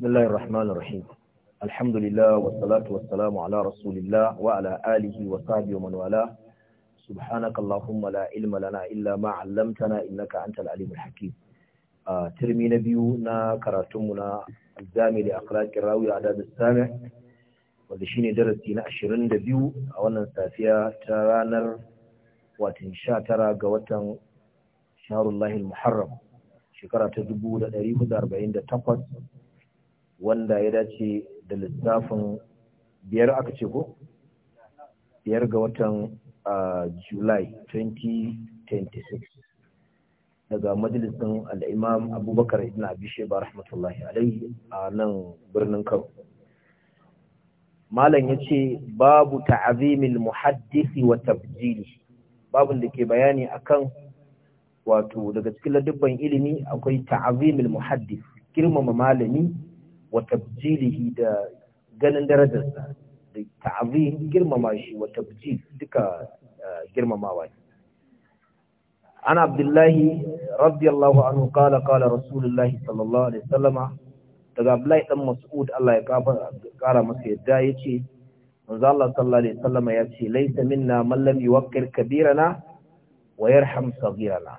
بسم الله الرحمن الرحيم الحمد لله والصلاة والسلام على رسول الله وعلى آله وصحبه ومن والاه سبحانك اللهم لا علم لنا إلا ما علمتنا إنك أنت العليم الحكيم ترمي نبينا كراتمنا الزامي لأقراك الراوي عدد السامع wanda shi ne darasi na ashirin da biyu a wannan safiya ta ranar watan sha tara ga watan shaharullahi muharram shekara ta dubu da ɗari hudu arba'in da takwas wanda ya dace da littafin biyar aka ce ko biyar ga watan july 2026 daga majalisun al'imam abubakar ibn abishe ba rahmatullahi alaihi a nan birnin kano malam ya ce babu ta'azimin muhaddisi wa tabjili babin da ke bayani akan wato daga cikin ladubban ilimi akwai ta'azimil muhaddis girmama malami wa tabjilihi da ganin darajarsa da ta'azim girmama shi wa tabjil duka girmamawa ne an abdullahi radiyallahu anhu qala qala rasulullahi sallallahu alaihi wasallama daga abdullahi dan mas'ud Allah ya kara masa yadda yace manzo Allah sallallahu alaihi wasallama yace laysa minna man lam yuwaqqir kabirana wa yarham saghirana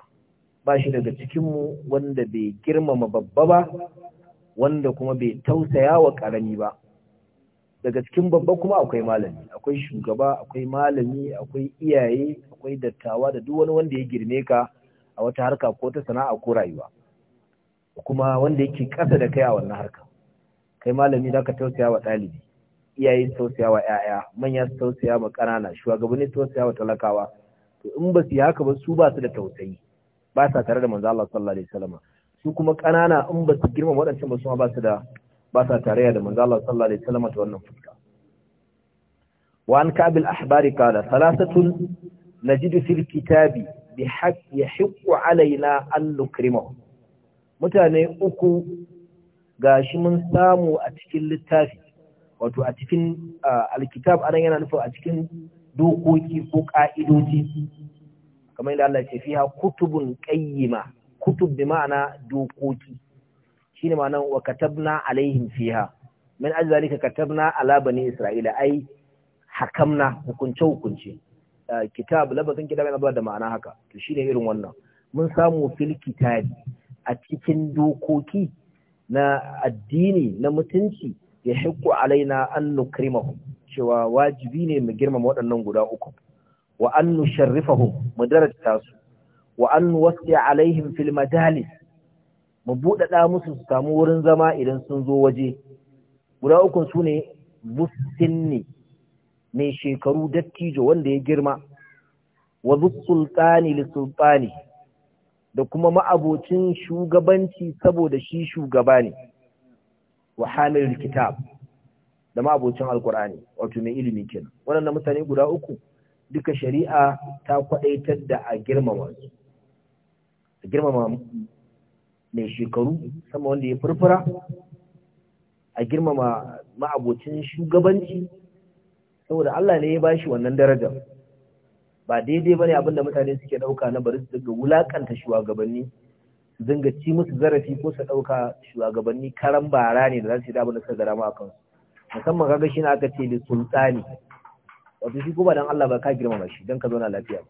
ba shi daga cikin mu wanda bai girmama babba ba wanda kuma bai tausaya wa ƙarami ba daga cikin babba kuma akwai malami akwai shugaba akwai malami akwai iyaye akwai dattawa da duk wani wanda ya girme ka a wata harka ko ta sana'a ko rayuwa kuma wanda yake ƙasa da kai a wannan harka kai malami za ka tausaya wa ɗalibi iyaye su tausaya wa 'ya'ya manya su tausaya wa ƙanana shugabanni su tausaya wa talakawa to in ba su yi haka ba su ba su da tausayi ba sa tare da manzo Allah sallallahu alaihi wasallam su kuma ƙanana in ba su girma waɗancan ba su ma ba su da ba sa tarayya da manzo Allah sallallahu alaihi wasallam ta wannan fuska wa an kabil ahbari qala salasatun najidu fil kitabi bi haqq yahiqqu alaina an nukrimahu mutane uku gashi mun samu a cikin littafi wato a cikin alkitab anan yana nufin a cikin dokoki ko ka'idoji kamar yadda Allah ya ce fiha kutubun qayyima kutub bi ma'ana dokoki shine ma'anan wa katabna alaihim fiha min ajli zalika katabna ala bani isra'ila ai hakamna hukunce hukunce kitab labarin kitab yana zuwa da ma'ana haka to shine irin wannan mun samu fil a cikin dokoki na addini na mutunci ya hikku alaina an nukrimahum cewa wajibi ne mu girmama waɗannan guda uku wa an nusharrifahum mu darata su wa an wasi alaihim fil majalis mu buɗaɗa musu su samu wurin zama idan sun zo waje guda ukun su ne bussinni mai shekaru dattijo wanda ya girma wa sultani li sultani da kuma ma'abocin shugabanci saboda shi shugaba ne wa hamilul kitab da ma'abocin alkur'ani wato mai ilimi kenan waɗannan mutane guda uku duka shari'a ta kwaɗaitar da a girmama su A girmama mai shekaru sama wanda ya furfura a girmama ma'abocin shugabanci saboda Allah ne ya ba shi wannan daraja ba daidai ba ne abinda mutane suke dauka na bari su daga wulakanta shugabanni su dinga ci musu zarafi ko su ɗauka shugabanni karan bara ne da za su yi abin da suka gara maka musamman kaga shi ne aka ce da sultani wato shi ko ba dan Allah ba ka girmama shi dan ka zauna lafiya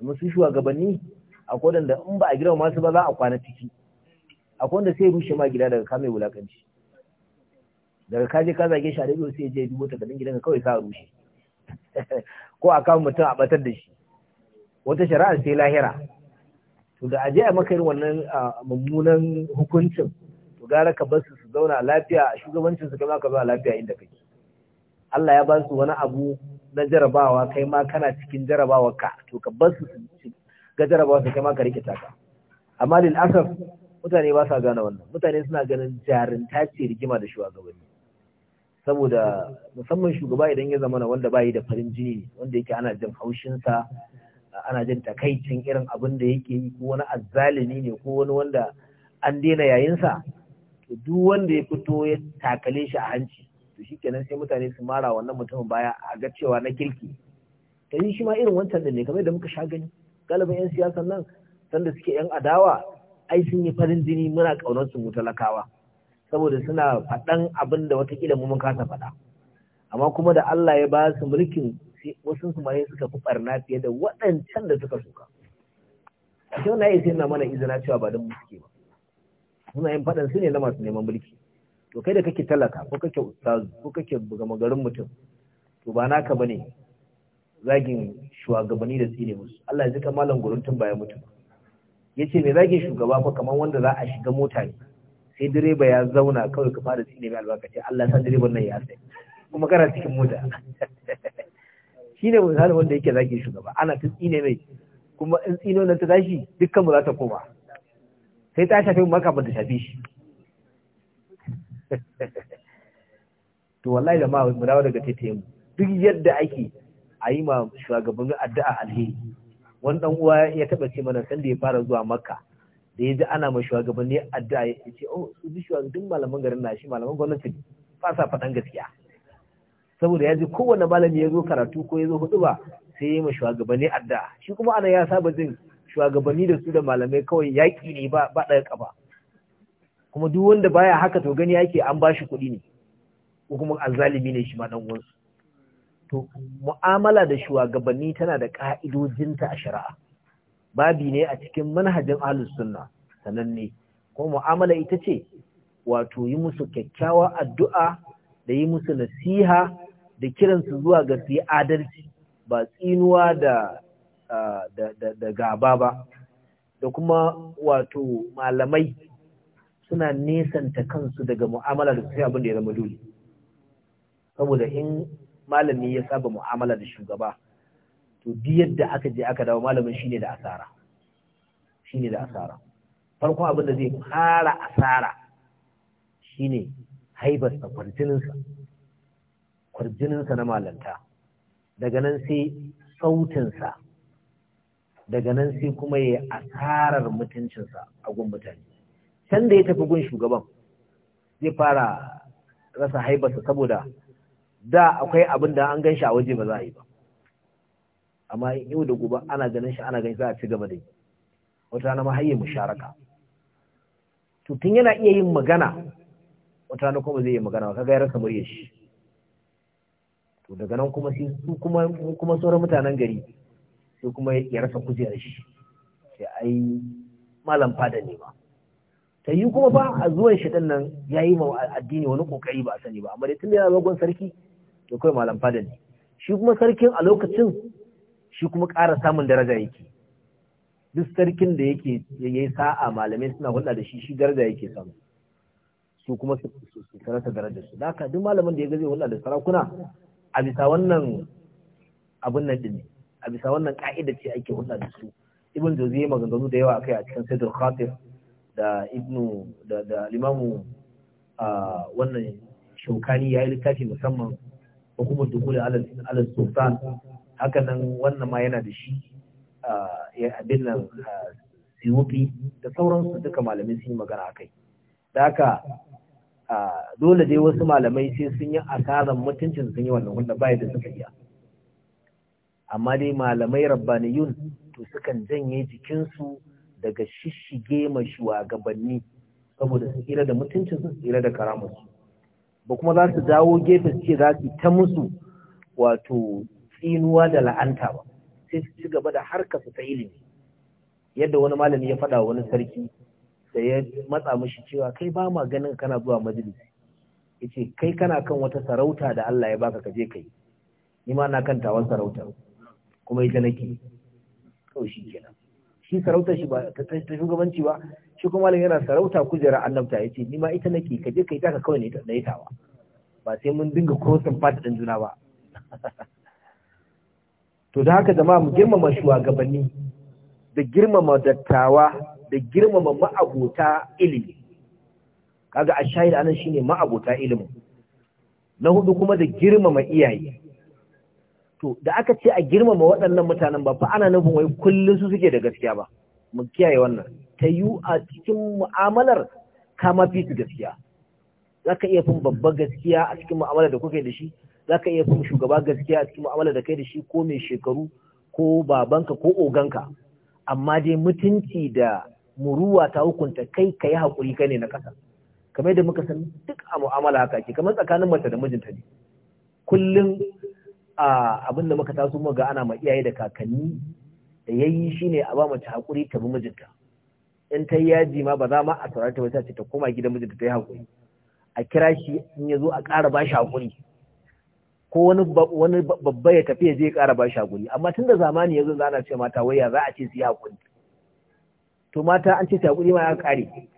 musu shugabanni akwai wanda in ba a gida masu ba za a kwana ciki akwai wanda sai rushe ma gida daga kame wulakanci daga kaje ka zage shi a rediyo sai je dubo takardun gidan kawai ka rushe ko a kama mutum a batar da shi wata shari'a sai lahira to da aje a maka irin wannan mummunan hukuncin to gara ka bar su su zauna lafiya shugabancin su kama ka zauna lafiya inda kake Allah ya ba su wani abu na jarabawa kai ma kana cikin jarabawa ka to ka bar su su gajara ba wata kama ka rikita taka. amma lil mutane ba sa gane wannan mutane suna ganin jarinta ce rigima da shugabanni saboda musamman shugaba idan ya zama wanda ba yi da farin jini wanda yake ana jin haushinsa ana jin takaicin irin abin da yake yi ko wani azzalimi ne ko wani wanda an daina yayinsa to duk wanda ya fito ya takale shi a hanci to shikenan sai mutane su mara wannan mutumin baya a ga cewa na kirki ta shi ma irin wancan da ne kamar da muka sha gani galibin 'yan siyasan nan sanda suke 'yan adawa ai sun yi farin jini muna ƙaunar su mu talakawa saboda suna faɗan abin da watakila mu mun kasa faɗa amma kuma da Allah ya ba su mulkin wasu su mai suka fi barna fiye da waɗancan da suka suka a shi wannan sai na mana izina cewa ba don mu suke ba muna yin faɗan su ne na masu neman mulki to kai da kake talaka ko kake ustazu ko kake gama garin mutum to ba naka bane zagin shugabanni da tsine musu Allah ya zika malam guruntun baya mutu yace mai zagin shugaba fa kamar wanda za a shiga mota ne sai direba ya zauna kawai ka fara tsine mai albarkaci Allah san direban nan ya sai kuma kana cikin mota shine misali wanda yake zagin shugaba ana ta tsine mai kuma in tsino nan ta tashi dukkan mu za ta koma sai ta shafe mu maka ba ta shafe shi to wallahi da ma mu dawo daga mu. duk yadda ake a yi ma shugaban addu'a alheri wani dan uwa ya taba ce mana sanda ya fara zuwa makka da ya ji ana ma ne addu'a ya ce oh su bi duk malaman garin na shi malaman gwamnati ba sa faɗan gaskiya saboda ya ji kowane malami ya zo karatu ko ya zo hudu ba sai ya yi ma ne addu'a shi kuma ana ya saba jin shugabanni da su da malamai kawai yaƙi ne ba ba ɗaya ƙafa kuma duk wanda baya haka to gani yake an bashi kuɗi ne ko kuma alzalimi ne shi ma ɗan uwansu to mu'amala da shugabanni tana da ka'idojinta a shari'a babi ne a cikin manhajin ahlus sunna sananne kuma mu'amala ita ce wato yi musu kyakkyawa addu'a da yi musu nasiha da kiransu zuwa ga su adalci ba tsinuwa da da gaba ba da kuma wato malamai suna nesanta kansu daga mu'amala da su abin da ya zama dole saboda in malami ya saba mu'amala da shugaba to duk yadda aka je aka dawo malamin shine da asara shine da asara farkon abin da zai fara asara shine sa kwarjinin sa na malanta daga nan sai sautin sa. daga nan sai kuma ya asarar mutuncin sa a gun mutane can da ya tafi gun shugaban zai fara rasa haibarsa saboda da akwai abin da an gan shi a waje ba za a yi ba amma in yau da gobe ana ganin shi ana ganin za a ci gaba da yi wata na mahayyar musharaka to tun yana iya yin magana wata na kuma zai yi magana ba kaga ya rasa shi to daga nan kuma sai su kuma kuma sauran mutanen gari sai kuma ya rasa kujerar shi sai ai malam fada ne ba ta yi kuma fa a zuwan shi nan ya yi ma addini wani kokari ba a sani ba amma da tun da yana zagon sarki to kai malam fada ne shi kuma sarkin a lokacin shi kuma ƙara samun daraja yake duk sarkin da yake yayi sa'a malamai suna hulɗa da shi shi daraja yake samu su kuma su sarata darajar su haka duk malamin da ya gaje hulɗa da sarakuna a bisa wannan abun nan din a bisa wannan ka'ida ce ake hulɗa da su ibn jozi ya maganganu da yawa akai a cikin saidul khatib da ibnu da da limamu ah, wannan shaukani ya yi littafi musamman ko kuma dukuli alal sultan haka nan wannan ma yana da shi abin nan siyuti da sauransu duka malamai sun yi magana a kai da haka dole dai wasu malamai sai sun yi asarar mutuncin sun yi wannan wanda bai da suka iya amma dai malamai rabbaniyun to sukan janye jikinsu daga shishige ma shugabanni saboda su tsira da mutuncin su tsira da karamarsu ba kuma za su dawo gefe suke ce za su ta musu wato tsinuwa da la'anta ba sai su ci gaba da harka su ta ilimi yadda wani malami ya faɗa wani sarki da ya matsa mashi cewa kai ba ma ganin kana zuwa majalisi ce kai kana kan wata sarauta da Allah ya baka ka je kai ni ma na kan tawon sarauta kuma ita nake kawai shi kenan shi sarautar shi ba ta shugabanci ba shi kuma malam yana sarauta kujera annabta ya ce, nima ita nake ka je kai taka kawai na yi tawa ba sai mun dinga crossing fata ɗan juna ba to da haka zama mu girmama shugabanni da girmama dattawa da girmama ma'abota ilimi kaga a shahid anan shine ma'abota ilimi na hudu kuma da girmama iyaye to da aka ce a girmama waɗannan mutanen ba fa ana nufin wai kullum su suke da gaskiya ba mu kiyaye wannan ta yi a cikin mu'amalar ka fi gaskiya za ka iya fin babba gaskiya a cikin mu'amalar da kuka da shi za ka iya fin shugaba gaskiya a cikin mu'amalar da kai da shi ko mai shekaru ko babanka ko oganka amma dai mutunci da muruwa ta hukunta kai ka yi haƙuri kai ne na ƙasa kamar yadda muka san duk a mu'amala haka ke kamar tsakanin mace da mijinta ne kullum abin da muka taso muka ga ana ma iyaye da kakanni da yayi shine a ba mace hakuri ta bi mijinta in ta yaji ma ba za ma a saurare ta ba ce ta koma gidan mijinta ta yi hakuri a kira shi in ya zo a ƙara ba shi hakuri ko wani wani babba ya tafi ya je ya ƙara ba shi hakuri amma da zamani ya zo ana ce mata waya za a ce su yi hakuri to mata an ce su hakuri ma ya ƙare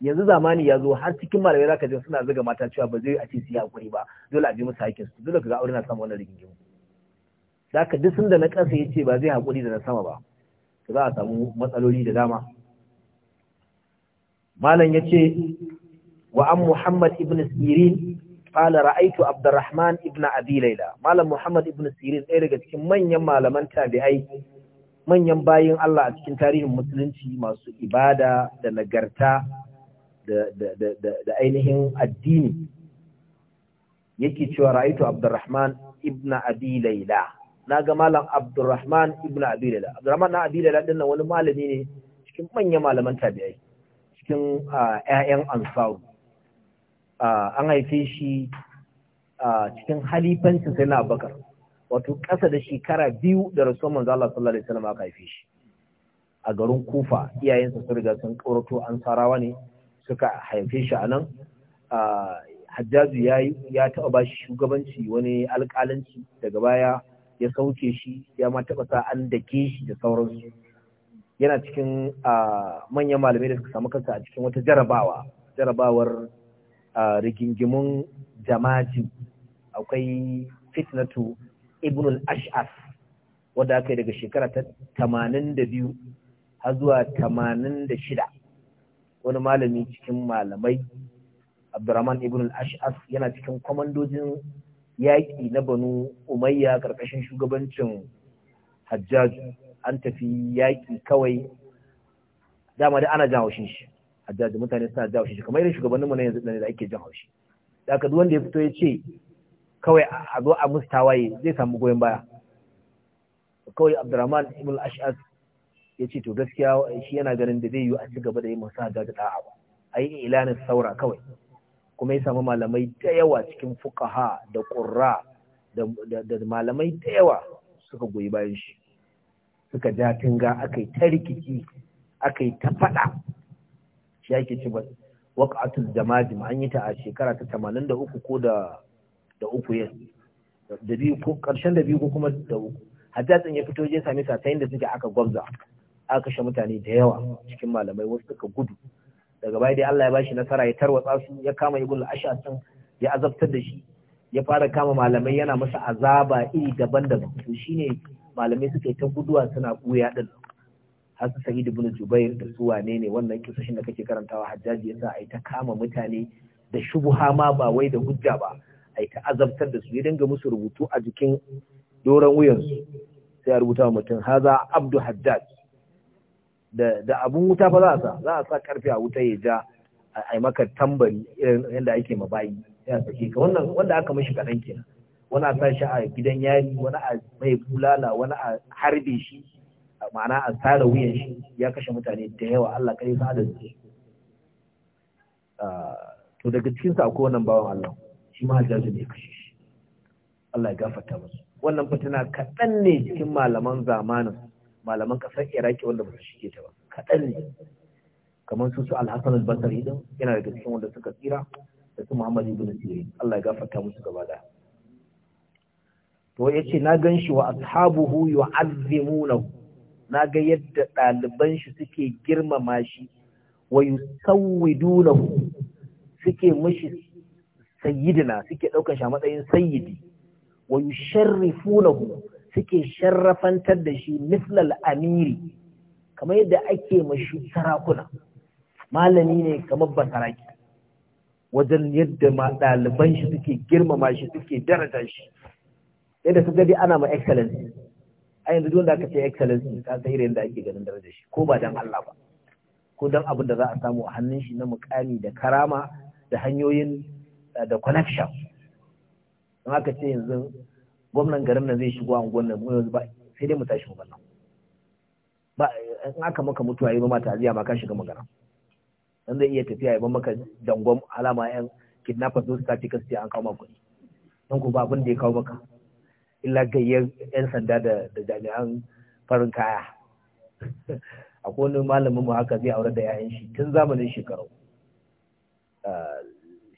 yanzu zamani ya zo har cikin malamai ka ji suna zuga mata cewa ba zai a ce su yi hakuri ba dole a bi musu hakkin su dole ka ga aure na samu wannan rigingimu da aka duk da na ƙasa ya ce ba zai haƙuri da na sama ba za a samu matsaloli da dama malam ya ce wa an muhammad ibn sirin ƙala ra'aitu abdurrahman ibn abi laila malam muhammad ibn sirin ɗaya daga cikin manyan malaman tabi'ai manyan bayin Allah a cikin tarihin musulunci masu ibada da nagarta da ainihin addini yake cewa ra'aitu abdurrahman ibn abi laila na ga malam Abdulrahman ibn Abidala Abdulrahman na dinnan wani malami ne cikin manyan malaman tabi'ai cikin ƴaƴan Ansar an haife shi cikin halifancin sai na Abubakar wato ƙasa da shekara biyu da rasuwan manzo sallallahu alaihi wasallam aka haife shi a garin Kufa iyayensa sun riga sun kaurato Ansarawa ne suka haife shi a nan Hajjazu ya ya taɓa ba shi shugabanci wani alƙalanci daga baya ya sauke shi ya ma taɓa sa an dake shi da sauransu yana cikin manyan malamai da suka samu kansa a cikin wata jarabawa jarabawar rigingimun jamaji akwai fitnatu ibnul ashas wadda aka yi daga shekara ta tamanin da biyu har zuwa tamanin da shida wani malami cikin malamai abdurrahman ibn al ashas yana cikin kwamandojin yaƙi na banu umayya ƙarƙashin shugabancin hajjaj an tafi yaƙi kawai dama da ana jan haushin shi hajjaj mutane suna jan haushin shi kamar irin shugabannin mu na yanzu da ake jan haushi da aka wanda ya fito ya ce kawai a zo a tawaye zai samu goyon baya kawai abdurrahman ibn al-ash'as ya ce to gaskiya shi yana ganin da zai yi a ci gaba da yin masu da ta'a ba a yi ilanin saura kawai kuma ya samu malamai da yawa cikin fukaha da ƙurra da malamai da yawa suka goyi bayan shi suka ja tunga aka yi ta rikici aka yi ta faɗa shi ake ci ba waƙatul jama'ajim an yi ta a shekara ta tamanin da uku ko da da uku yes da biyu ko ƙarshen da biyu ko kuma da uku hatta tsin ya fito je sami su da suke aka gwamza aka kashe mutane da yawa cikin malamai wasu suka gudu daga baya dai Allah ya bashi nasara ya tarwatsa su ya kama ibn al-ashas ya azabtar da shi ya fara kama malamai yana masa azaba iri daban-daban to shine malamai suka ta guduwa suna buya din har su sa'id ibn jubair da su wane ne wannan shin da kake karantawa hajjaji yasa ai ta kama mutane da shubuha ma ba wai da hujja ba ai ta azabtar da su ya dinga musu rubutu a jikin doron wuyansu sai a rubuta mutum haza abdu hajjaj da abun wuta fa za a sa za a sa karfe a wuta ya ja a maka tambari irin yadda ake ma bayi ya sake ka wanda aka mashi kaɗan kenan wani a sa shi a gidan yari wani a mai bulala wani a harbe shi ma'ana a tsara wuyan shi ya kashe mutane da yawa Allah kai sa da su to daga cikin sa akwai wannan bawan Allah shi ma aljazu ne kashe shi Allah ya gafarta masa wannan fitina kaɗan ne cikin malaman zamanin malaman ƙasar iraki wanda ba su shige ta ba kaɗan ne kamar su su alhassan albasari din yana daga cikin wanda suka tsira da su muhammad ibn sirin allah ya gafarta musu gaba da to ya ce na gan shi wa ashabuhu yu'azzimunahu na ga yadda ɗaliban shi suke girmama shi wa yusawwidunahu suke mishi sayyidina suke ɗaukar shi a matsayin sayyidi wa yusharrifunahu suke sharrafantar da shi mislal amiri kamar yadda ake mashi sarakuna malami ne kamar basaraki wajen yadda ɗaliban shi suke girmama shi suke daraja shi yadda ka gadi ana ma excellence a yanzu don da aka ce excellence ka san irin da ake ganin daraja shi ko ba dan Allah ba ko dan abin da za a samu a hannun shi na mukami da karama da hanyoyin da connection don aka ce yanzu gwamnan garin nan zai shigo anguwan nan mu yanzu ba sai dai mu tashi mu bannan ba in aka maka mutuwa yi ba mata aziya ba ka shiga magana dan zai iya tafiya ya maka dangon alama yan kidnappers su ta cika sai an kawo maka kuɗi dan ku ba abin da ya kawo maka illa gayyar yan sanda da da jami'an farin kaya akwai wani malamin mu haka zai aure da yayan shi tun zamanin shekaru ah,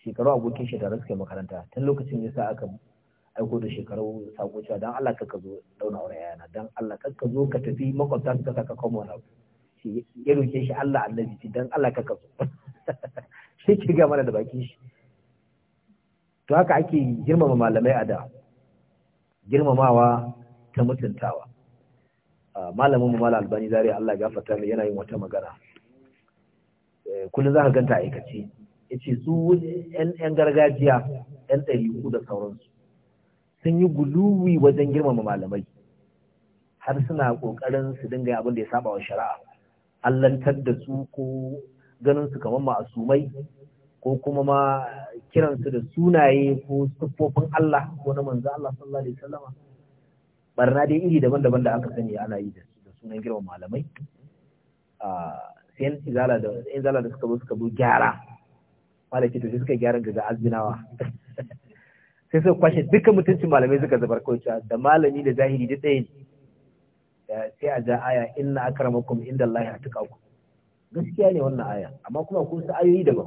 shekaru abokin shekaru suke makaranta tun lokacin yasa aka aiko da shekaru sako cewa dan Allah ka zo dauna aure yana dan Allah ka zo ka tafi makwabta su kasa ka koma wani abu shi ya roke shi Allah annabi shi dan Allah ka zo shi ke ga mana da baki shi to haka ake girmama malamai a da girmamawa ta mutuntawa malamin mu mala albani zari Allah ya gafarta mai yana yin wata magana eh, kullum za ka ganta aikace yace su yan gargajiya yan ɗari da sauransu sun yi guluwi wajen girmama malamai har suna kokarin su dinga abin da ya saba wa shari'a allantar da su ko ganin su kamar ma'asumai ko kuma ma kiransu da sunaye ko siffofin Allah ko na manzo Allah sallallahu alaihi wasallama barna dai iri daban-daban da aka sani ana yi da sunan girmama malamai sai yan zala da yan zala da suka zo suka zo gyara malaki to sai suka gyara daga azbinawa sai suka kwashe duka mutuncin malamai suka zubar kaucewa da malami da zahiri da ɗaya ne sai a ja aya inna akramakum inda Allah ya tuka ku gaskiya ne wannan aya amma kuma ko su ayoyi daban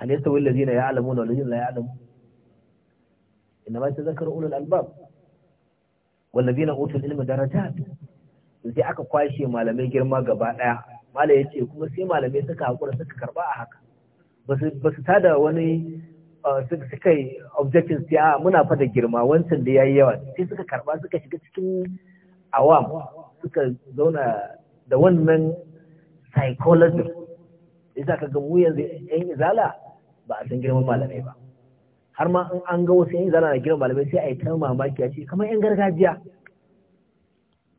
alaysa wal ladina ya'lamuna wal ladina la ya'lamun ta yatazakkaru ulul albab wal ladina utul ilma darajat sai aka kwashe malamai girma gaba daya malai yace kuma sai malamai suka hakura suka karba a haka ba su tada wani suka yi objectin siya a muna fada girma wancan da ya yi yawa sai suka karba suka shiga cikin awam suka zauna da wannan psychology za ka ga mu yanzu yan izala ba a san girman malamai ba har ma in an ga wasu yan izala na girman malamai sai a yi ta mamaki a ce kamar yan gargajiya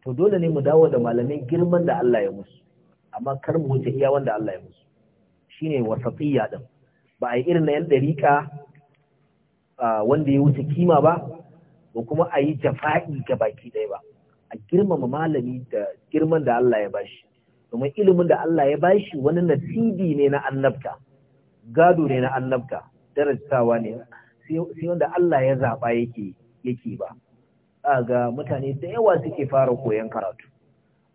to dole ne mu dawo da malamai girman da Allah ya musu amma kar mu wuce iya wanda Allah ya musu shine wasatiyya din ba a yi irin na yan ɗariƙa wanda ya wuce kima ba ba kuma a yi jafa'i ga baki ɗaya ba a girmama malami da girman da Allah ya bashi domin ilimin da Allah ya bashi wani nasibi ne na annabta gado ne na annabta darasawa ne sai wanda Allah ya zaɓa yake yake ba ga mutane da yawa suke fara koyon karatu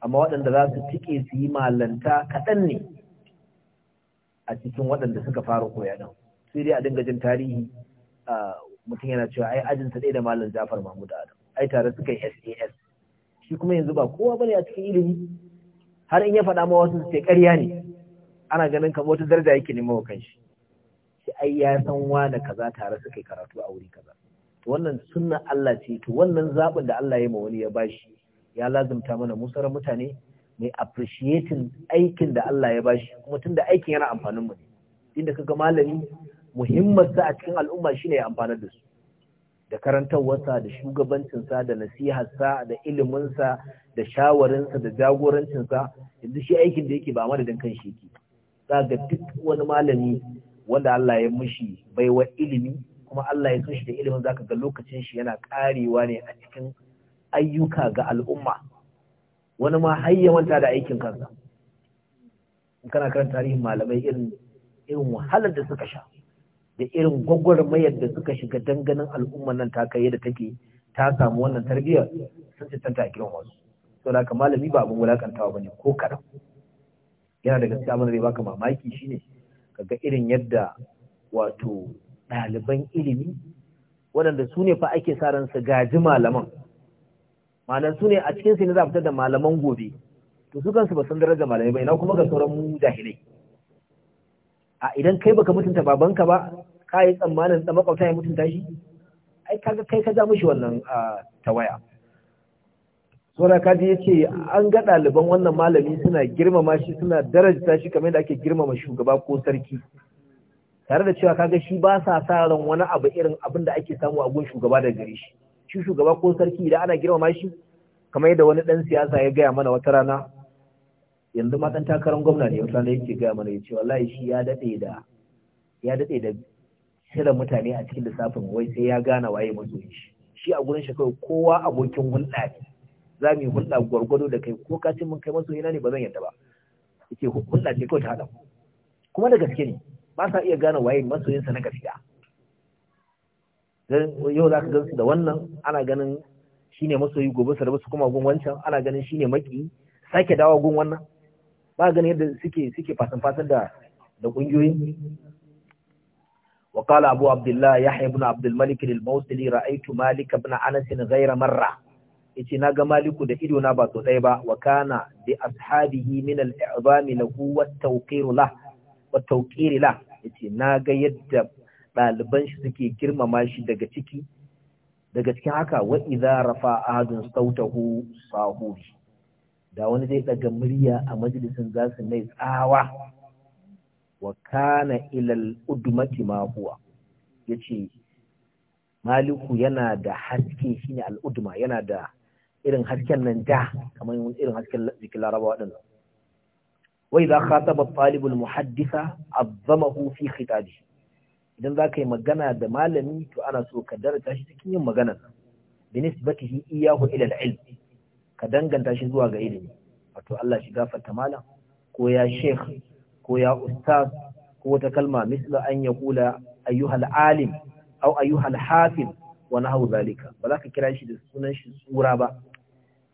amma waɗanda za su tike su yi malanta kaɗan ne a cikin waɗanda suka fara koya nan sai dai a dinga jin tarihi mutum yana cewa ai ajinsa sa ɗaya da malam Jafar Mahmud Adam ai tare suka yi SAS shi kuma yanzu ba kowa bane a cikin ilimi har in ya faɗa ma wasu su ce ƙarya ne ana ganin kamar wata daraja yake nema wa kanshi sai ai ya san wani kaza tare suka yi karatu a wuri kaza to wannan sunna Allah ce to wannan zaɓin da Allah ya ma wani ya bashi ya lazumta mana musarar mutane mai appreciating aikin da Allah ya bashi kuma tunda aikin yana amfanin mu ne inda kaga malami sa a cikin al'umma shine ya amfana da su da karantarwarsa da shugabancinsa da nasiharsa da iliminsa da shawarinsa da jagorancinsa yanzu shi aikin da yake ba madadin kan shi yake za ga duk wani malami wanda Allah ya mushi baiwa ilimi kuma Allah ya so shi da ilimin zaka ga lokacin shi yana karewa ne a cikin ayyuka ga al'umma wani ma har ya manta da aikin kansa in kana karanta tarihin malamai irin irin wahalar da suka sha da irin mayar da suka shiga danganin al'ummar nan ta kai da take ta samu wannan tarbiyyar sun ce tanta a kiran wasu sau da malami ba abin wulakantawa ba ne ko kaɗan yana daga cikin abin da zai baka mamaki shine kaga irin yadda wato ɗaliban ilimi waɗanda su ne fa ake sa ran su gaji malaman malan su ne a cikin su ne za fitar da malaman gobe to su kansu ba san daraja malamai ba ina kuma ga sauran mu jahilai a idan kai baka mutunta babanka ba ka yi tsammanin da makwabta ya mutunta shi ai kaga kai ka ja mishi wannan tawaya saboda kaji yace an ga ɗaliban wannan malami suna girmama shi suna darajta shi kamar da ake girmama shugaba ko sarki tare da cewa kaga shi ba sa sa ran wani abu irin abin da ake samu a gun shugaba da gare shi shi shugaba ko sarki idan ana girmama shi kamar yadda wani dan siyasa ya gaya mana wata rana yanzu ma dan takarar gwamna ne wata rana yake gaya mana ya ce wallahi shi ya dade da ya dade da shirin mutane a cikin lissafin wai sai ya gana waye masoyin shi shi a gurin shi kawai kowa abokin hulɗa ne za mu yi hulɗa gwargwado da kai ko ka ce mun kai masoyina ne ba zan yadda ba yake hulɗa ce kawai ta haɗa kuma da gaske ne ba sa iya gane waye masoyinsa na gaskiya yau za ka gansu da wannan ana ganin shine masoyi gobe su rabu su kuma gun wancan ana ganin shine maki sake dawo gun wannan ba ganin yadda suke suke fasan da ƙungiyoyin. kungiyoyin wa qala abu abdullah yahya ibn abdul malik al malika ra'aytu malik ibn anas ghayra marra yace ga maliku da ido na ba so dai ba wa kana bi ashabihi min al na lahu wa tawqir lah wa tawqir yadda ɗaliban shi suke girmama shi daga ciki daga cikin haka wa idza rafa ahadun sautahu sahubi da wani zai daga murya a majalisin za su mai tsawa wa kana ilal udmati ma huwa yace maliku yana da haske shine al udma yana da irin hasken nan da kamar irin hasken jikin laraba din wa idza khataba talibul muhaddisa azzamahu fi khitabihi idan za ka yi magana da malami to ana so ka darata shi cikin yin magana binisbatihi iyahu ila al ka danganta shi zuwa ga ilimi wato Allah shi gafarta malam ko ya sheikh ko ya ustaz ko wata kalma misla an yaqula ayyuhal alim aw ayyuhal hafiz wa nahwu zalika ba za ka kira shi da sunan shi tsura ba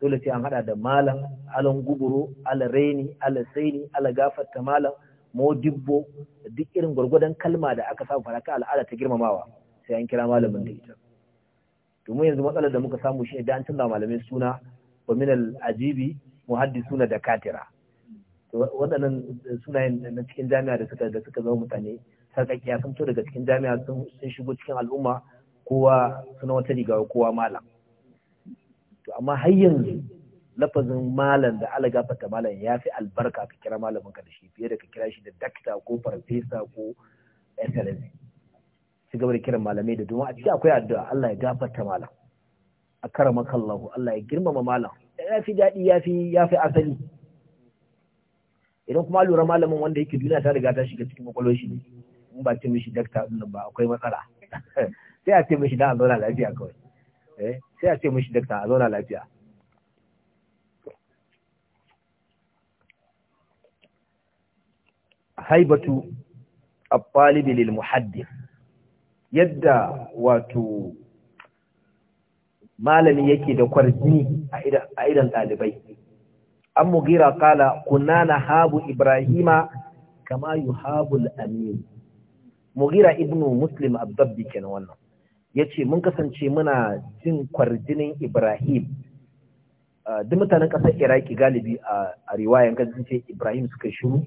dole sai an hada da malam alan guburu ala raini ala saini ala gafarta malam modibbo duk irin gwargwadon kalma da aka samu faraka al'ada ta girmamawa sai an kira malamin da ita domin yanzu matsalar da muka samu shine da an canza malamai suna wa min al-ajibi muhaddisuna da katira to waɗannan sunayen na cikin jami'a da suka da suka zama mutane sarkakiya sun fito daga cikin jami'a sun shigo cikin al'umma kowa suna wata riga kowa malam to amma har yanzu lafazin malam da ala fata malam ya fi albarka ka kira malamin ka da shi fiye da ka kira shi da dakta ko farfesa ko excellence ci gaba da kiran malamai da duma a ciki akwai addu'a Allah ya gafarta malam a karama kallahu Allah ya girmama malam ya fi daɗi ya fi ya fi asali idan kuma lura malamin wanda yake duniya ta riga ta shiga cikin kwakwalwar shi in ba ce mishi dakta din ba akwai matsala sai a ce mishi dan a zauna lafiya kawai eh, sai a ce mishi dakta a zauna lafiya haibatu al-talibi lil muhaddis, yadda wato malami yake da kwarjini a idan ɗalibai an mugira kala kunna na habu ibrahima kama yi habu mugira ibnu muslim abdabbi kenan wannan ya ce mun kasance muna jin kwarjinin ibrahim ah, duk mutanen ƙasar iraki galibi ah, a riwayan kan sun ce ibrahim suka shiru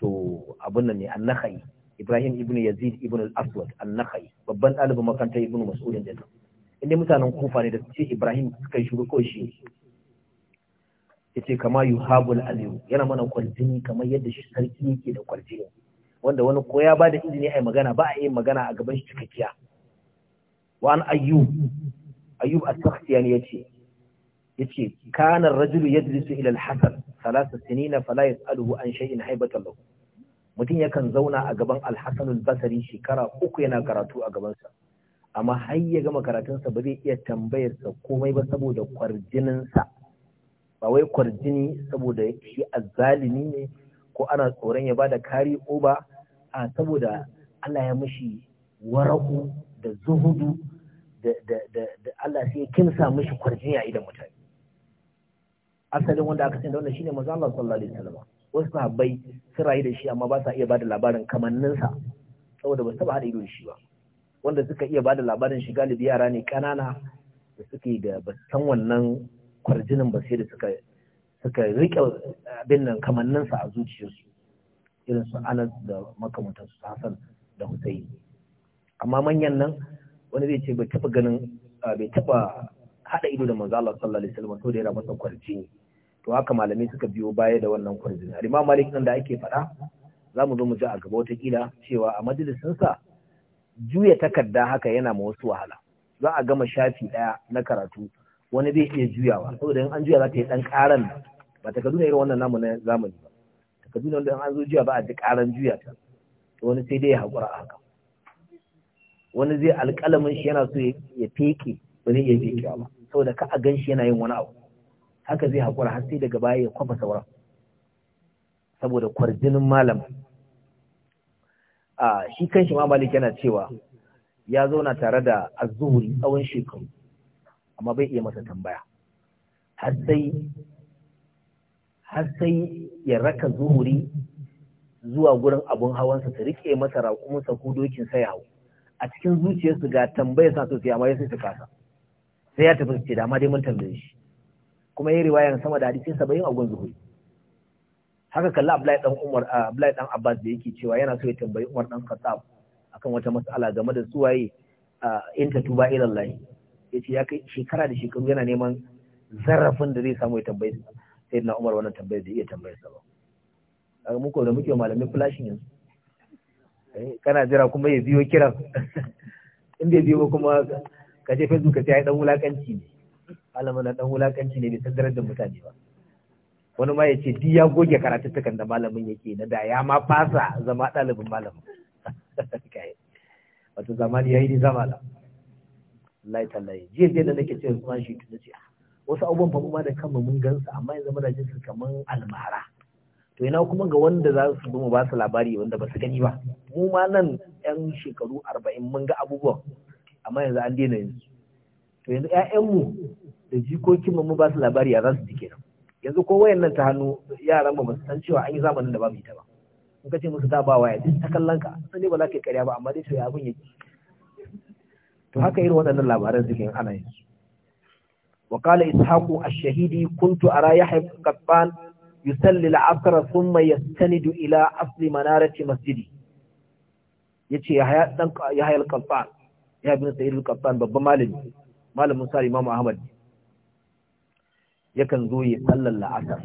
To abun nan ne Annahai Ibrahim ibn Yazid ibn al-Aswad annahai babban ɗalibin makarantar ibn Mas'udin da inda mutanen Kufa ne da ce Ibrahim suka shigo ko shi yace kama yuhabul aliyu yana mana kwarjini kamar yadda shi sarki yake da kwaljini wanda wani ko ya bada izini ai magana ba a yi magana a gaban shi cikakkiya wa an ayyub ayyub at-sakhtiyani yace yace kana rajulu yajlisu ila al-hasan thalatha sinina fala yas'aluhu an shay'in haibatan lahu mutum yakan zauna a gaban al-hasan shekara uku yana karatu a gaban sa amma har ya gama karatunsa ba zai iya tambayar sa komai ba saboda kwarjinin sa ba wai kwarjini saboda shi azzalimi ne ko ana tsoron ya bada kari oba a saboda Allah ya mishi waraku da zuhudu da Allah sai ya kimsa mishi kwarjini a idan mutane asalin wanda aka sani da wannan shine manzo Allah sallallahu alaihi wasallam wasu sahabbai sun rayu da shi amma ba sa iya bada labarin kamanninsa saboda ba su taba hada ido da shi ba wanda suka iya bada labarin shi galibi yara ne kanana da suke da ba san wannan kwarjinin ba sai da suka suka rike abin nan kamanninsa a zuciyarsu irin su Anas da makamantan su Hassan da Hussein amma manyan nan wani zai ce bai taba ganin bai taba hada ido da manzo Allah sallallahu alaihi wasallam saboda yana masa kwarjini to haka malamai suka biyo baya da wannan kwarzina imam malik nan da ake faɗa za mu zo mu ji a gaba watakila cewa a majalisinsa juya takarda haka yana ma wasu wahala za a gama shafi ɗaya na karatu wani zai iya juyawa saboda in an juya za ta yi ɗan ƙaran ba takardu na irin wannan namu na zamani ba takardu na wanda an zo juya ba a ji ƙaran juya ta to wani sai dai ya haƙura a haka wani zai alƙalamin shi yana so ya feke wani ya iya fekewa ba saboda ka a gan shi yana yin wani abu haka zai haƙura har sai daga baya ya kwafa sauran saboda kwarjinin malam a shi kanshi ma malik yana cewa ya zauna tare da azuhuri tsawon shekaru amma bai iya masa tambaya har sai har sai ya raka zuhuri zuwa gurin abun hawansa su rike masa raƙuminsa ko dokin sai hau a cikin zuciyarsu ga tambayar sa sosai amma ya sai su kasa sai ya tafi ce da amma dai mun tambaye shi kuma yayi riwaya sama da hadisin saba'in a gun zuhuri haka kalla Abdullahi dan Umar Abdullahi dan Abbas da yake cewa yana so ya tambayi Umar dan Khattab akan wata mas'ala game da suwaye in ta tuba ila Allah yace ya kai shekara da shekaru yana neman zarafin da zai samu ya tambaye sai na Umar wannan tambayar zai iya tambayar sa ba kaga mu da muke malamin flashing yanzu eh, kana jira kuma ya biyo kiran in bai biyo kuma ka je Facebook ka sai dan wulakanci ne malamin na dan wulakanci ne bai san da mutane ba wani ma ya ce ya goge karatuttukan da malamin yake na da ya ma fasa zama ɗalibin malamin wato zamani yayi ni la Allah tallahi jiya jiya da nake cewa kuma shi tuna ce ah, wasu abubuwan famu ma da kanmu mun gansu amma yanzu muna jin su kaman almara to ina kuma ga wanda za su mu ba su labari wanda ba su gani ba mu ma nan yan shekaru arba'in mun ga abubuwan amma yanzu an daina yanzu to yanzu ƴaƴanmu da jikokin mu ba su labari a za su ji nan yanzu ko wayan nan ta hannu yaran mu ba su san cewa an yi zamanin da ba yi ita ba in ka ce musu da ba waya duk ta kallon ka sai ba za ka yi ƙarya ba amma dai to ya abin yake to haka irin waɗannan labaran suke yin ana yanzu wa qala ishaqu ash-shahidi kuntu ara yahya qattan yusalli al-asr thumma yastanidu ila asli manarati masjidi yace yahya dan yahya al-qattan yahya bin sa'id al-qattan babban malami malamin sa imam ahmad yakan zo ya sallar la'asar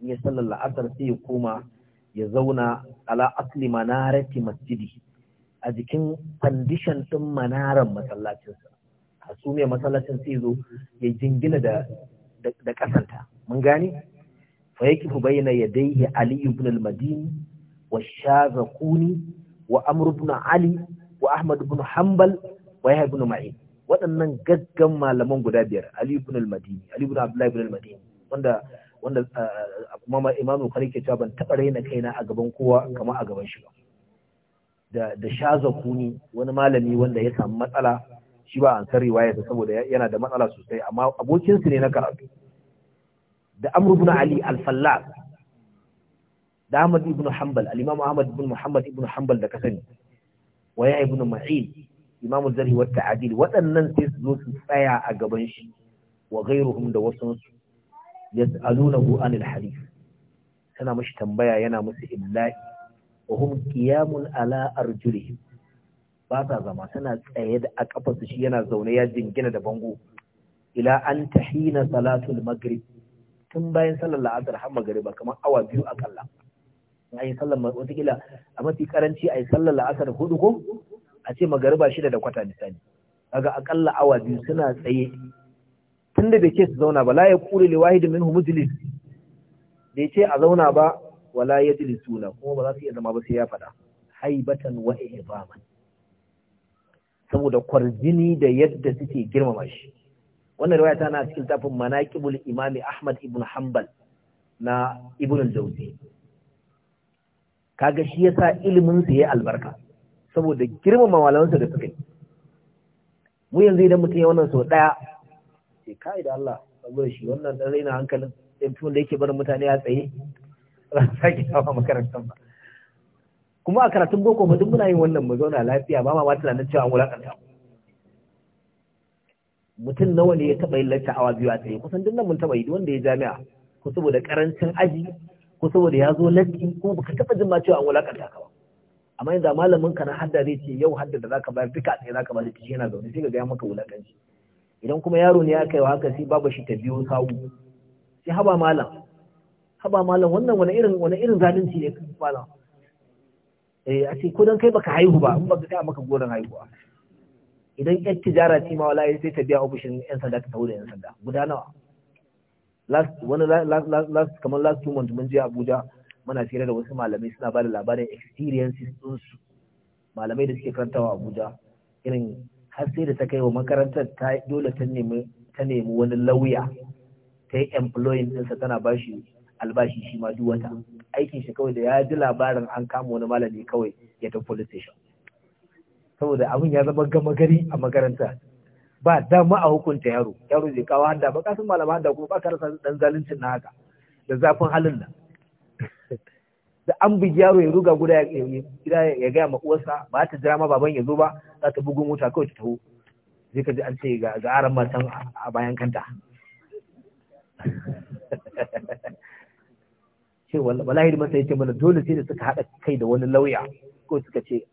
in ya sallar la'asar sai ya koma ya zauna ala asli manarati masjidi a jikin fandishan ɗin manaran masallacinsa a su mai masallacin sai zo ya jingina da da kasanta mun gane fa yake ku bayyana ya ali ibn al-madini wa shazakuni wa amr ibn ali wa ahmad ibn hanbal wa yahya ibn ma'in waɗannan gaggan malaman guda biyar Ali ibn al-Madini Ali ibn Abdullah ibn al-Madini wanda wanda ah, kuma ma Imam Bukhari ke cewa ban taɓa raina kaina a gaban kowa kamar a gaban shi ba da da Shaza Kuni wani malami wanda ya samu matsala shi ba an san riwaya saboda yana da matsala sosai amma abokin su ne na karatu da Amr ibn Ali al-Fallas da Ahmad ibn Hanbal al-Imam Ahmad ibn Muhammad ibn Hanbal da ka sani waya ibn Ma'in imamu jarhi wa ta'dil waɗannan sai su zo su tsaya a gaban shi wa ghayruhum da wasu su yas'alunahu anil hadith tana mashi tambaya yana musu illahi wa hum qiyamun ala arjulihim ba sa zama tana tsaye da a kafarsu shi yana zaune ya jingina da bango ila an tahina salatul maghrib tun bayan sallar la'asar har magariba kamar awa biyu akalla a yi sallar watakila a mafi karanci a yi sallar la'asar hudu ko a ce magariba shida da kwata misali daga akalla awa biyu suna tsaye tunda bai ce su zauna ba la yaqulu li wahidin minhum mujlis bai ce a zauna ba wala ya suna. kuma ba za su iya zama ba sai ya faɗa haibatan wa ihzaman saboda kwarjini da yadda suke girmama shi wannan riwaya tana cikin tafin manaqibul imami ahmad ibn hanbal na ibn al-jawzi kaga shi yasa ilimin sa yayi albarka saboda girmama malamansa da suka yi mu yanzu idan mutum ya wannan sau ɗaya sai kai da Allah saboda shi wannan ɗan raina hankalin ɗan da yake barin mutane a tsaye ba sake dawa makarantar ba kuma a karatun boko ba duk muna yin wannan mu zauna lafiya ba ma ba tunanin cewa an wulakanta mutum nawa ne ya taɓa yin lacca awa biyu a tsaye kusan duk nan mun taɓa yi wanda ya jami'a ko saboda karancin aji ko saboda ya zo latti ko baka taɓa jin ma cewa an wulakanta ka ba amma yanzu malamin ka na hadda zai ce yau hadda da zaka bayar duka tsaye zaka bayar shi yana zaune sai ka gaya maka wulakanci idan kuma yaro ne aka yi haka sai babu shi ta biyo sawu sai haba malam haba malam wannan wani irin wani irin zalunci ne malam eh a ce ko dan kai baka haihu ba in baka kai maka goran haihuwa idan yan tijara ce ma wallahi sai ta biya ofishin yan sanda ta tawo da yan sanda guda nawa last wani last last kamar last two months mun je Abuja muna fira da wasu malamai suna ba da labarin experiences su malamai da suke karantawa abuja irin har sai da ta kai wa makarantar ta dole ta nemi ta nemi wani lauya ta yi employing ɗinsa tana ba shi albashi shi ma duk wata aikin shi kawai da ya ji labarin an kama wani malami kawai ya ta police station saboda abin ya zama gama gari a makaranta ba dama a hukunta yaro yaro zai kawo handa ba kasan malama handa kuma ba ka rasa dan zaluncin na haka da zafin halin nan da an bi yaro ya ruga guda ya gida ya gaya ma uwarsa ba ta jira ma baban ya zo ba za ta bugun wuta kawai ta taho zai ka ji an ce ga aran matan a bayan kanta ce wallahi masa ya ce mana dole sai da suka haɗa kai da wani lauya ko suka ce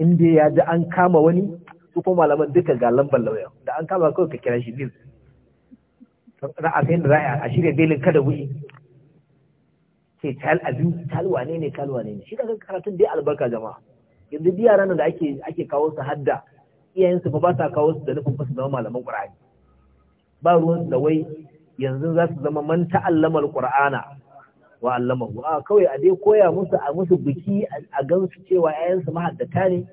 in dai ya ji an kama wani su kuma malaman duka ga lambar lauya da an kama kawai ka kira shi bil ra'a sai da ra'a a shirya belin kada wuyi sai tal abin tal wane ne tal wane ne shi kaga karatun dai albarka jama'a yanzu duk yaran da ake ake kawo su hadda iyayensu fa ba sa kawo su da nufin fa su zama malaman qur'ani ba ruwan da wai yanzu za su zama man ta'allama alqur'ana wa allamahu a kawai a dai koya musu a musu biki a gansu cewa 'ya'yansu mahaddata ne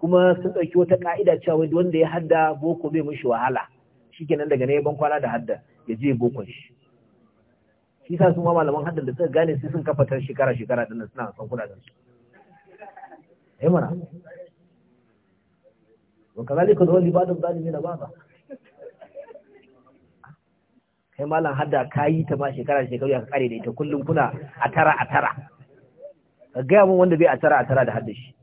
kuma sun ɗauki wata ka'ida cewa wanda ya hadda boko bai mishi wahala shikenan daga ne ban kwana da hadda ya je bokon shi shi sa su ma malaman haddar da suka gane sai sun kafa tar shekara shekara din nan suna san kudaden su eh mana wa kazalika dawli na ba ba. kai malam hadda kayi ta ma shekara shekara ya kare da ita kullum kuna a tara a tara ka gaya mun wanda bai a tara a tara da hadda shi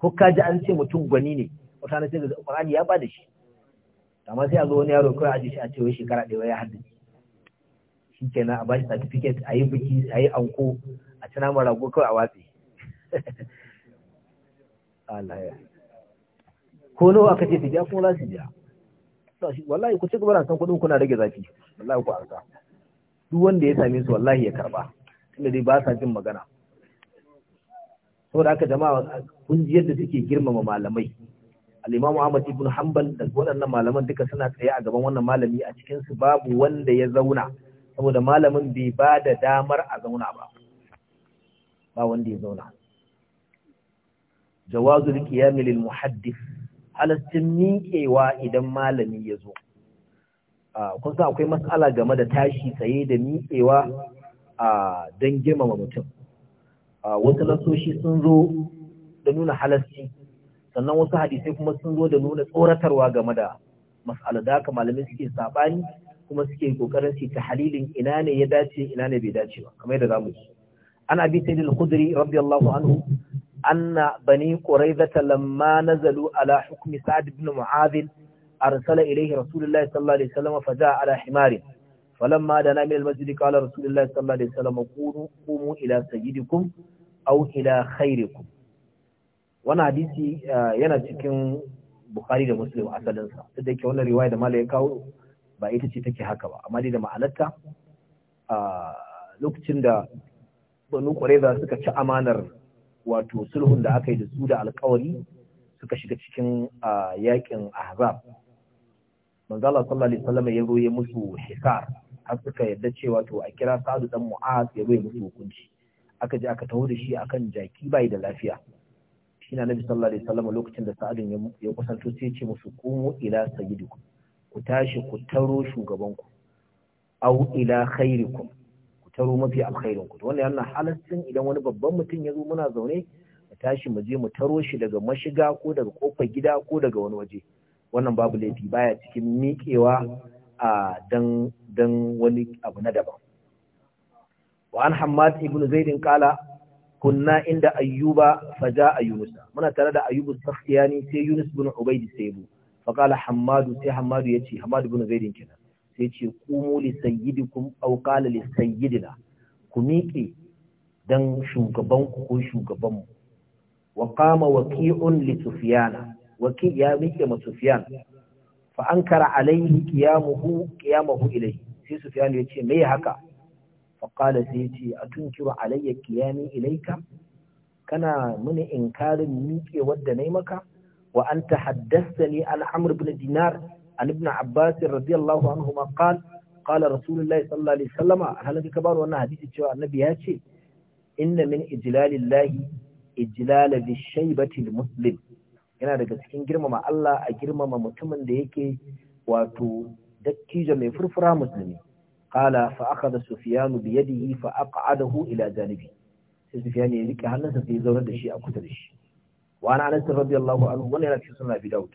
ko ka ji an ce mutum gwani ne wata na ce da Qur'ani ya da shi amma sai a zo wani yaro kawai a ji shi a ce wai shekara ɗaya ya haddace shi kenan a bashi certificate a yi biki a yi anko a cina mara kawai a watsi ko nawa aka ce tijiya kuma za su biya wallahi ku ci gaba da san kuɗin kuna rage zafi wallahi ku ansa duk wanda ya same su wallahi ya karba tunda dai ba sa jin magana saboda haka jama'a kungiyar da suke girmama malamai al-imamu Ahmad ibn Hanbal da waɗannan malaman duka suna tsaye a gaban wannan malami a cikin su babu wanda ya zauna saboda malamin bai ba da damar a zauna ba ba wanda ya zauna jawazul qiyami lil muhaddith halastin miƙewa idan malami ya zo kun san akwai matsala game da tashi tsaye da miƙewa don girmama mutum wasu nasoshi sun zo da nuna halasci sannan wasu hadisai kuma sun zo da nuna tsoratarwa game da mas'ala da haka malamai suke saɓani kuma suke kokarin su halilin ina ne ya dace ina ne bai dace ba kamar yadda zamu ji an abi sayyid al-khudri radiyallahu anhu anna bani quraiza lamma nazalu ala hukmi sa'd ibn mu'adh arsala ilayhi rasulullahi sallallahu alaihi wasallam fa ja'a ala himarin فلما دنا من المسجد قال رسول الله صلى الله عليه وسلم قوموا قوموا الى سيدكم او الى خيركم wannan hadisi eh, yana cikin Bukhari da Muslim asalin sa duk da wannan riwaya da Malik ya kawo ba ita ce take haka ba amma dai da ma'anarta a lokacin da banu ƙwareza suka ci amanar wato sulhun da aka yi da su da alkawari suka shiga cikin yakin ahzab manzo Allah sallallahu alaihi wasallam ya roye musu hisar har suka yadda cewa to a kira Sa'adu dan Mu'az ya roye musu hukunci aka je aka taho da shi akan jaki bai da lafiya shi na Nabi sallallahu alaihi wasallam lokacin da Sa'adun ya kusanto sai ya ce musu kumu ila sayyidikum ku tashi ku taro shugabanku au ila khairikum ku taro mafi alkhairin ku wannan yana halastin idan wani babban mutum ya zo muna zaune mu tashi mu je mu taro shi daga mashiga ko daga kofar gida ko daga wani waje wannan babu laifi baya cikin miƙewa a dan dan wani abu na daban wa an hammad ibnu zaidin kala kunna inda ayyuba faja a yunusa muna tare da ayyubu sakhiyani sai yunus bin Obaidi sai faƙala hamadu sai hamadu ya ce hamadu bin zaidin kenan sai ce kumu li sayyidikum aw qala li sayyidina ku miƙe dan shugaban ku ko shugaban mu wa qama waqi'un li sufyana waqi ya miƙe ma sufyan fa ankara alaihi qiyamuhu qiyamahu ilayhi sai sufyan ya ce me haka fa qala sai ya ce atunkiru alayya qiyami ilayka kana mini inkarin miƙe wadda nayi maka wa an tahaddathani an amr ibn dinar an ibn abbas radiyallahu anhu ma qala qala rasulullahi sallallahu alaihi wasallam ka bani wannan hadisi cewa annabi ya ce inna min ijlalillahi ijlal bi shaybati muslim yana daga cikin girmama Allah a girmama mutumin da yake wato dattijo mai furfura musulmi qala fa da sufyan bi yadihi fa aq'adahu ila janibi sai sufyan ya rike hannunsa sai ya zauna da shi a kusa da shi wa ana anas radiyallahu anhu wannan yana cikin sunan abi daud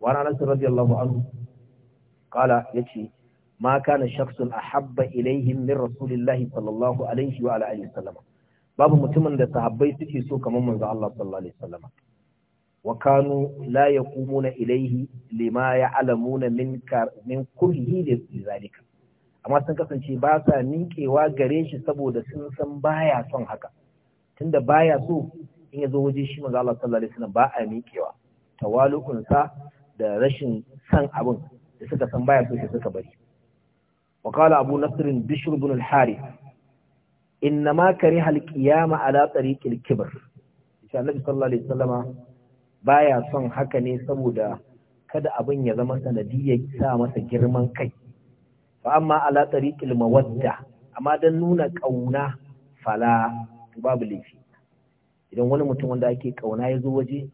wa ana anas radiyallahu anhu qala yace ma kana shakhsun ahabba ilaihim min rasulillahi sallallahu alaihi wa ala babu mutumin da sahabbai suke so kamar manzo Allah sallallahu alaihi wasallam wa kanu la yaqumuna ilayhi lima ya'lamuna min min kulli zalika amma sun kasance basa sa miƙewa gare shi saboda sun san baya son haka tunda baya so in ya zo waje shi maza Allah sallallahu alaihi ba a miƙewa tawalu'un sa da rashin san abin da suka san baya so suka bari wa qala abu nasr bishr bin al-harith ma kariha al ala tariq al-kibr insha Allah sallallahu baya son haka ne saboda kada abin ya zama sanadiyar sa masa girman kai fa amma ala tariqil mawadda amma dan nuna ƙauna fala babu laifi idan wani mutum wanda ake kauna ya zo waje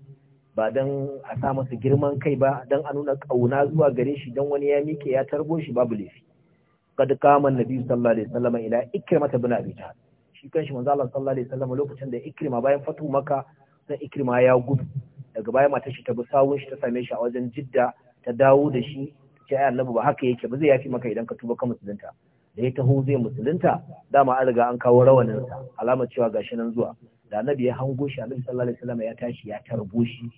ba don a sa masa girman kai ba don a nuna kauna zuwa gare shi don wani ya mike ya tarbo shi babu laifi kad kama nabi sallallahu alaihi wasallam ila ikrimata bin abi jahl shi kanshi manzo Allah sallallahu alaihi wasallam lokacin da ikrima bayan fatu maka sai ikrima ya gudu daga baya matar shi ta bi sawun shi ta same shi a wajen jidda ta dawo da shi ta ce ai annabi ba haka yake ba zai yafi maka idan ka tuba ka musulunta da ya taho zai musulunta dama an riga an kawo rawaninsa alamar cewa gashi nan zuwa da annabi ya hango shi annabi sallallahu alaihi wasallam ya tashi ya tarbo shi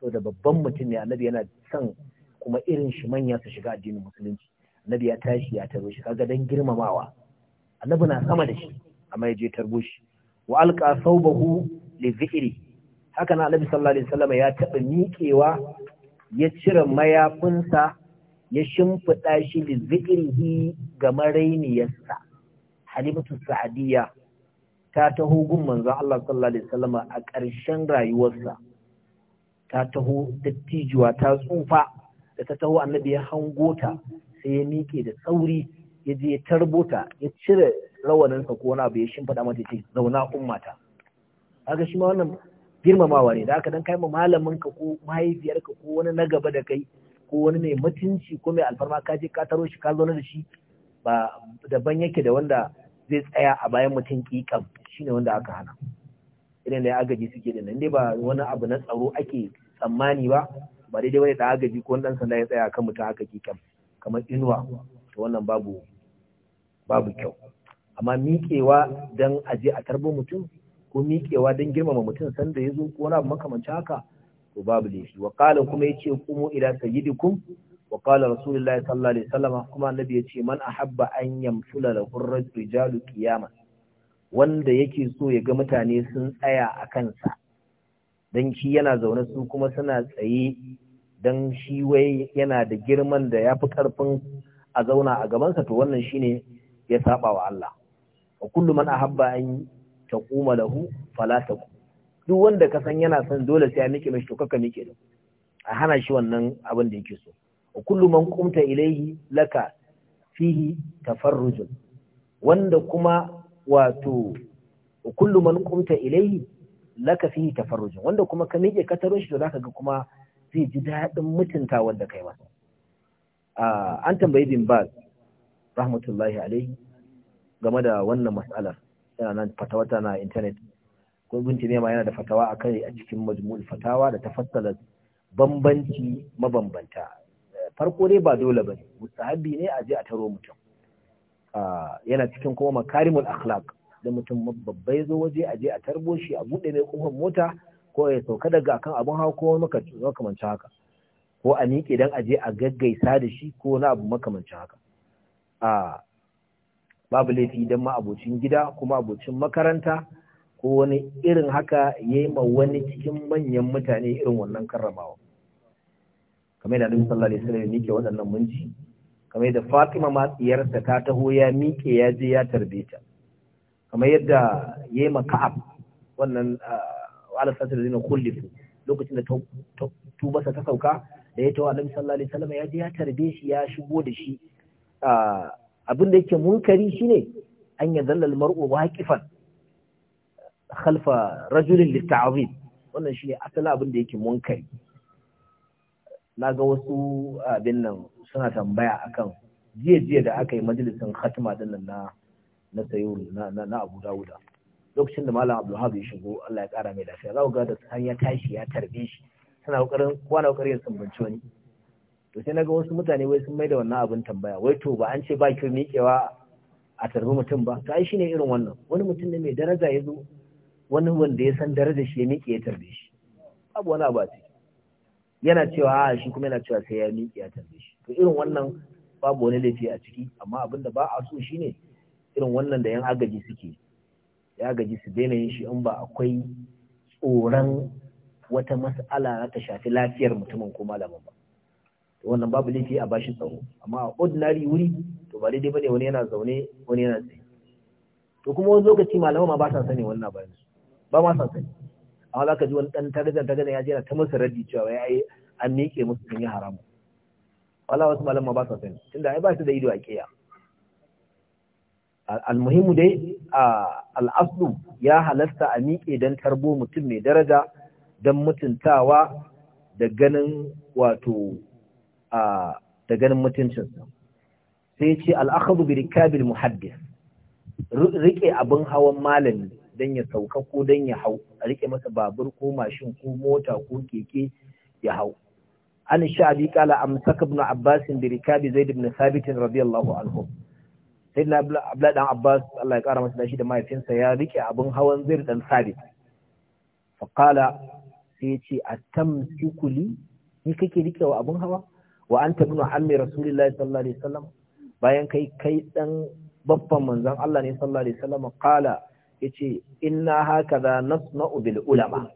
saboda babban mutum ne annabi yana son kuma irin shi manya su shiga addinin musulunci annabi ya tashi ya tarbo shi kaga dan girmamawa annabi na sama da shi amma ya je tarbo shi wa alqa sawbahu li dhikri haka na annabi sallallahu alaihi wasallam ya taba miƙewa ya cire mayafinsa ya shimfiɗa shi da zikirhi ga marainiyarsa halimatu sa'adiyya ta taho gun manzon Allah sallallahu alaihi wasallam a ƙarshen rayuwarsa ta taho dattijuwa ta tsufa da ta taho annabi ya hango sai ya miƙe da sauri ya je ya tarbota ya cire rawaninsa ko wani abu ya shimfiɗa mata ce zauna ummata kaga shi ma wannan girmamawa ne da aka dan kai malamin ka ko mahaifiyarka ko wani na gaba da kai ko wani mai mutunci ko mai alfarma ka je ka taro shi ka zo da shi ba daban yake da wanda zai tsaya a bayan mutum kikam shine wanda aka hana idan da ya agaji suke da nan dai ba wani abu na tsaro ake tsammani ba ba daidai wani da agaji ko dan sanda ya tsaya kan mutum haka kikam kamar inuwa to wannan babu babu kyau amma miƙewa dan aje a tarbo mutum ko miƙewa dan girmama mutum sanda ya zo ko wani abu makamancin haka to babu shi wa kala kuma yace qumu ila sayyidikum wa kala rasulullahi sallallahu alaihi wasallam kuma annabi yace man ahabba an yamsula hurra rijalu qiyama wanda yake so ya ga mutane sun tsaya a kansa dan shi yana zaune su kuma suna tsaye dan shi wai yana da girman da yafi karfin a zauna a gabansa to wannan shine ya saba wa Allah wa kullu man ahabba an taquma lahu fala taqum duk wanda ka san yana son dole sai ya miƙe mashi to kaka miƙe da a hana shi wannan abin da yake so wa kullu man qumta ilayhi laka fihi tafarrujun wanda kuma wato wa kullu man qumta ilayhi laka fihi tafarrujun wanda kuma ka miƙe ka taro shi to zaka ga kuma zai ji daɗin mutunta wanda kai masa an tambayi bin baz rahmatullahi alaihi game da wannan mas'alar yana nan fatawata na intanet ko ibn yana da fatawa a kai a cikin majmu'ul fatawa da tafassala bambanci mabambanta farko ne ba dole bane mustahabi ne a je a taro mutum yana cikin kuma makarimul akhlaq da mutum babba ya zo waje a je a tarbo shi a bude mai kofar mota ko ya sauka daga akan abun hawa ko makamancin haka ko a miƙe dan a je a gaggaisa da shi ko na abu makamancin haka babu laifi dan ma abocin gida kuma abocin makaranta ko wani irin haka ya yi ma wani cikin manyan mutane irin wannan karramawa kamar yadda Annabi sallallahu alaihi wasallam yake waɗannan munji kamar yadda Fatima ma tsiyarta ta taho ya miƙe ya je ya tarbe ta kamar yadda ya yi ma Ka'ab wannan ala ah, satar zina kullifu lokacin da tubarsa ta sauka da ya tawo Annabi sallallahu alaihi wasallam ya je ya tarbe shi ya shigo da shi ah, abin da yake munkari shine an ya zallal mar'u waqifan khalfa rajulin littafin. wannan ne asalin abin da yake munkari na ga wasu abin nan suna tambaya akan jiya jiya da aka yi majalisin khatima din nan na na sayuru na na Abu Dawuda lokacin da Malam Abdulhab ya shigo Allah ya kara mai lafiya za ku ga da san ya tashi ya tarbe shi tana kokarin kowa na kokarin sumbunci wani to sai ga wasu mutane wai sun da wannan abin tambaya wai to ba an ce ba ki miƙewa a tarbi mutum ba to ai shine irin wannan wani mutum ne mai daraja ya zo wani wanda ya san darajar shi ya miƙe ya tarbe shi abu wani abu a ciki yana cewa a shi kuma yana cewa sai ya miƙe ya tarbe shi to irin wannan babu wani laifi a ciki amma abin da ba a so shi ne irin wannan da yan agaji suke ya agaji su daina yin shi in ba akwai tsoron wata mas'ala na ta shafi lafiyar mutumin ko malamin ba wannan babu laifi a bashi tsaro amma a ordinary wuri to ba daidai bane wani yana zaune wani yana tsaye to kuma wani lokaci malama ma ba sa sani wannan bayan su ba ma san sani amma za ka ji wani ɗan ta tagazan ya jera ta musu radi cewa ya yi an miƙe musu sun yi haramu wala wasu ma ba sa sani tunda ai ba su da ido a kiya almuhimu dai al'aslu ya halasta a miƙe don tarbo mutum mai daraja don mutuntawa da ganin wato da ganin mutuncinsa sai ce al'akhadu bi rikabil muhaddis rike abin hawan malami don ya sauka ko don ya hau a rike masa babur ko mashin ko mota ko keke ya hau an sha'abi kala amsaka ibn abbas bi rikabi zaid ibn thabit radiyallahu anhu sayyidina abdullah dan abbas Allah ya kara masa dashi da mahaifinsa ya rike abin hawan zaid dan thabit fa qala sai ce atamsiku li ni kake rike wa abun hawa wa anta ibn ammi rasulillahi sallallahu alaihi wasallam bayan kai kai dan babban manzon Allah ne sallallahu alaihi wasallam qala yace inna hakaza nasna'u bil ulama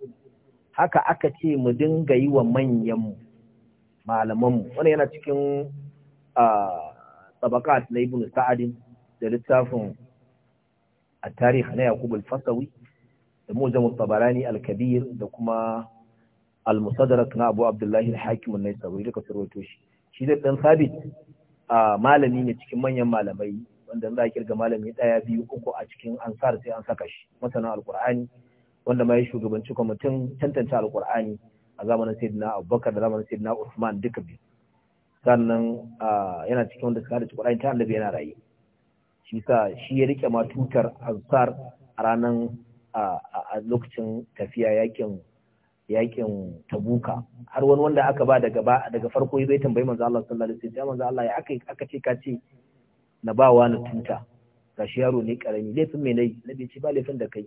haka aka ce mu dinga yi wa manyan malaman mu wannan yana cikin tabaqat na ibnu sa'adin da littafin at-tarikh na yaqub al-fasawi da al tabarani al-kabir da kuma al-musaddarak na abu abdullahi al-hakim an-naisaburi duka sarwato shi shi da dan sabit malami ne cikin manyan malamai wanda za a kirga malami ɗaya biyu uku a cikin ansar sai an saka shi masana alkur'ani wanda ma ya shugabanci kwamitin tantance alkur'ani a zamanin sayyidina abubakar da zamanin sayyidina usman duka biyu sannan yana cikin wanda suka haɗa qur'ani ta annabi yana raye shi sa shi ya rike ma tutar ansar a ranar a lokacin tafiya yakin yakin tabuka har wani wanda aka ba daga daga farko bai tambayi manzo Allah sallallahu alaihi wasallam manzo Allah ya aka aka ce ka ce na ba wa na tuta gashi yaro ne karami laifin mai na nabi ce ba laifin da kai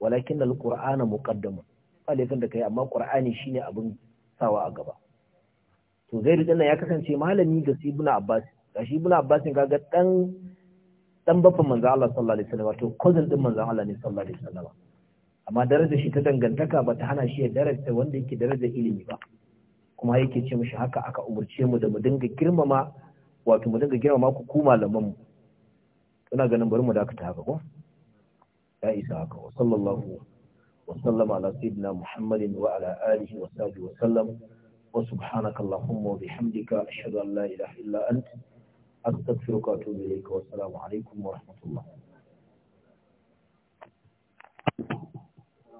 walakin qur'ana muqaddama ba laifin da kai amma qur'ani shine abin sawa a gaba to zai ridin ya kasance malami ga si ibn abbas shi ibn abbas ga ga dan dan baffan manzo Allah sallallahu alaihi wasallam to cousin din manzo Allah ne sallallahu alaihi wasallam amma darajar shi ta dangantaka ba ta hana shi ya darajar wanda yake darajar ilimi ba kuma yake ce mishi haka aka umurce mu da mu dinga girmama wato mu dinga girmama ku ku malaman mu ina ganin bari mu dakata haka ko ya isa haka wa sallallahu wa sallama ala sayyidina muhammadin wa ala alihi wa sahbihi wa sallam wa subhanaka allahumma wa bihamdika ashhadu an la ilaha illa anta astaghfiruka wa atubu ilayka wa assalamu alaikum wa rahmatullah